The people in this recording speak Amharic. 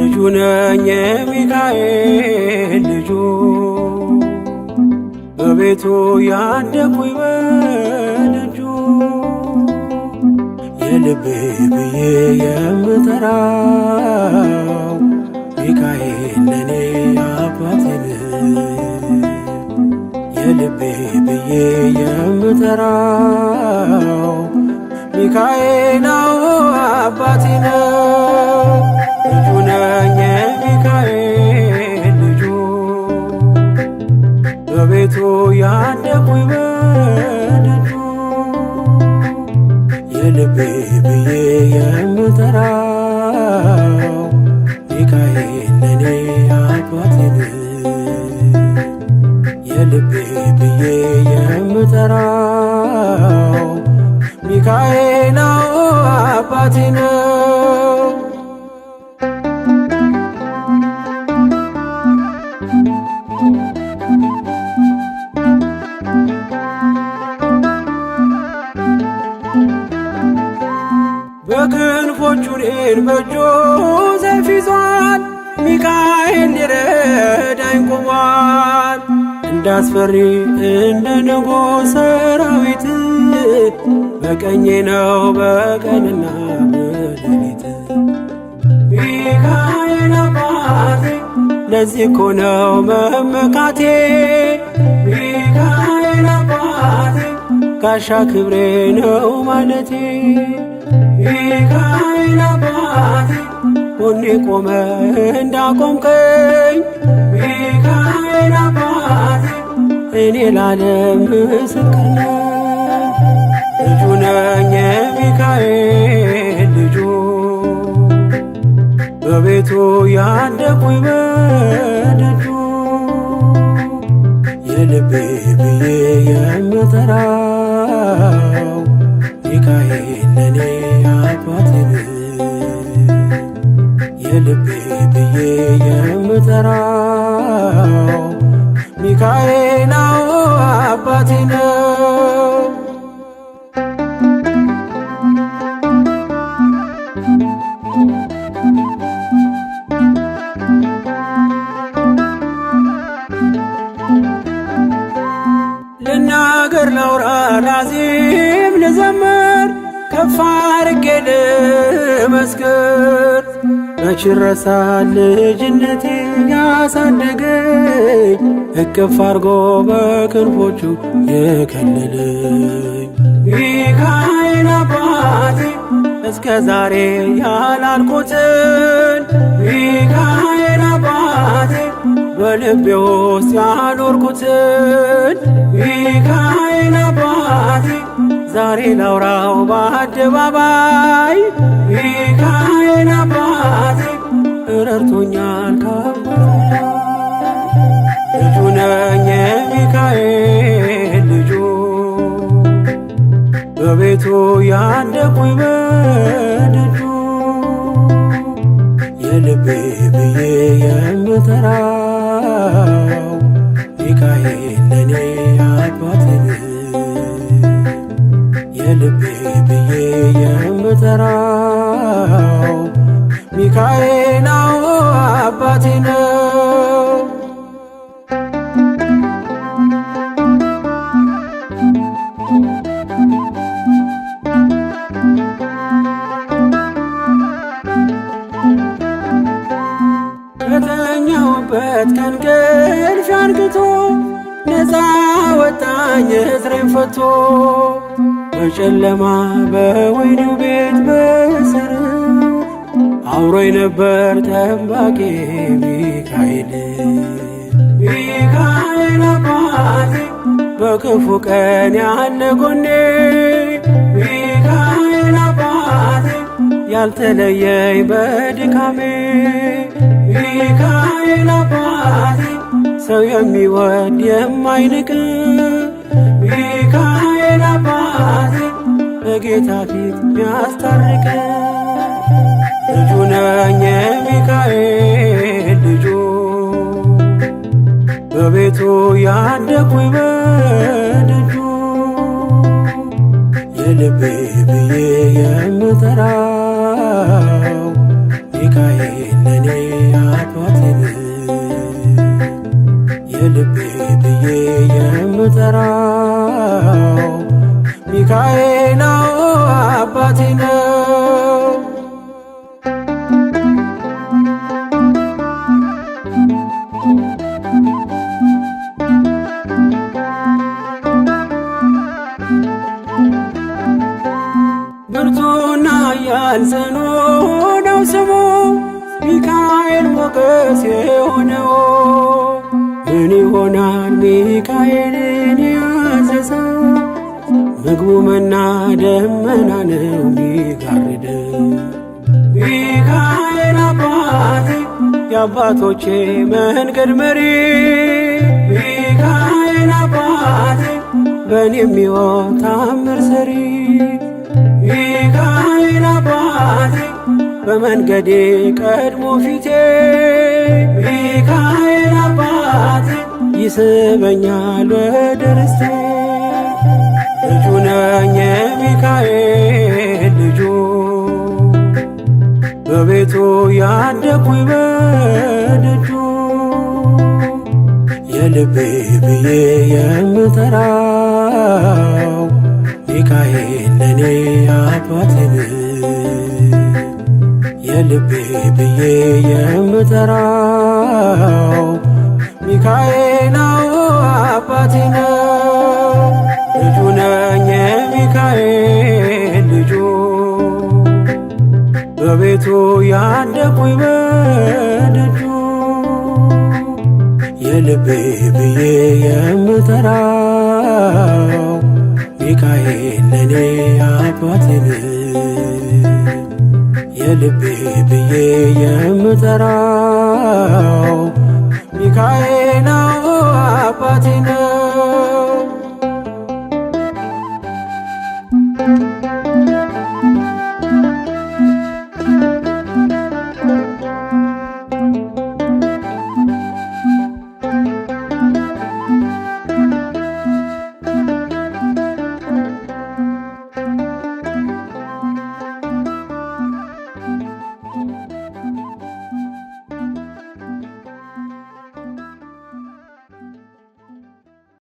ልጁ ነኝ የሚካኤል ልጁ በቤቱ ያደኩኝ በልጁ የልቤ ብዬ የምጠራው ሚካኤል ለኔ አባቴን የልቤ ብዬ የምጠራው ሚካኤል አባቴ ነው። ለኔ አባቴን ሚካኤል ነው አባቴ ነው። እንዳስፈሪ እንደ ንጉሥ ሰራዊት በቀኜ ነው በቀንና በሌሊት ሚካኤል አባቴ ለዚህ እኮ ነው መመካቴ ሚካኤል አባቴ ጋሻ ክብሬ ነው ማለቴ ሚካኤል አባቴ ጎኔ ቆመ እንዳቆምከኝ ሚካኤል አባ እኔ ለዓለም ምስክር ልጁ ነኝ የሚካኤል ልጁ በቤቱ ያደኩኝ በደጁ የልቤ ብዬ የምጠራው ሚካኤል ለኔ አባቴ የልቤ ብዬ የምጠራው ሚካኤል አባቴ ነው። ልናገር ለውራ ላዚም ልዘምር ከፍ አድርጌ ልመስክር መች ረሳ ልጅነቴ ያሳደገ ያዘለለኝ እቅፍ አርጎ በክንፎቹ የከለለኝ ሚካኤል አባቴ እስከ ዛሬ ያላልኩትን ሚካኤል አባቴ በልቤ ውስጥ ያኖርኩትን ሚካኤል አባቴ ዛሬ ላውራው በአደባባይ ሚካኤል አባቴ እረርቶኛል ከ በቤቱ ያደኩኝ በደጁ የልቤ ብዬ የምጠራው ሚካኤል ለኔ አባቴ የልቤ ብዬ የምጠራው ሚካኤል አባቴ ነው። ሰልፍ አርግቶ ነፃ ወጣኝ እስሬን ፈቶ በጨለማ በወይኒው ቤት በስር አውሮኝ ነበር ጠባቂ ሚካኤል ሚካኤል አባቴ በክፉ ቀን ያለ ጎኔ ሚካኤል አባቴ ያልተለየኝ በድካሜ ሚካኤል አባቴ ሰው የሚወድ የማይንቅ ሚካኤል አባቴ በጌታ ፊት ሚያስታርቅ ልጁ ነኝ የሚካኤል ልጁ በቤቱ ያደኩ በደጁ የልቤ ብዬ የምጠራው ሚካኤል ልቤ ብዬ የምጠራው ሚካኤል ነው አባቴ ነው። ብርቱና ኃያል ነው ስሙ ሚካኤል ሞገስ የሆነ ልቦናን ሚካኤልን ያዘዘው ምግቡ መና ደመና ነው ሚጋርደው። ሚካኤል አባቴ የአባቶቼ መንገድ መሪ ሚካኤል አባቴ በእኔ የሚወት ታምር ሰሪ ሚካኤል አባቴ በመንገዴ ቀድሞ ፊቴ ሚካኤል አባቴ ይስበኛል ወደ ርስቴ ልጁ ነኝ የሚካኤል ልጁ በቤቱ ያደኩኝ በደጁ የልቤ ብዬ የምጠራው ሚካኤል ለኔ አባቴን የልቤ ብዬ የምጠራው ሚካኤል አባቴ ነው። ልጁ ነኝ የሚካኤል ልጁ በቤቱ ያደኩኝ በደጁ የልቤ ብዬ የምጠራው ሚካኤል ለኔ አባቴ የልቤ ብዬ የምጠራው ጌታዬ ነው አባቴ ነው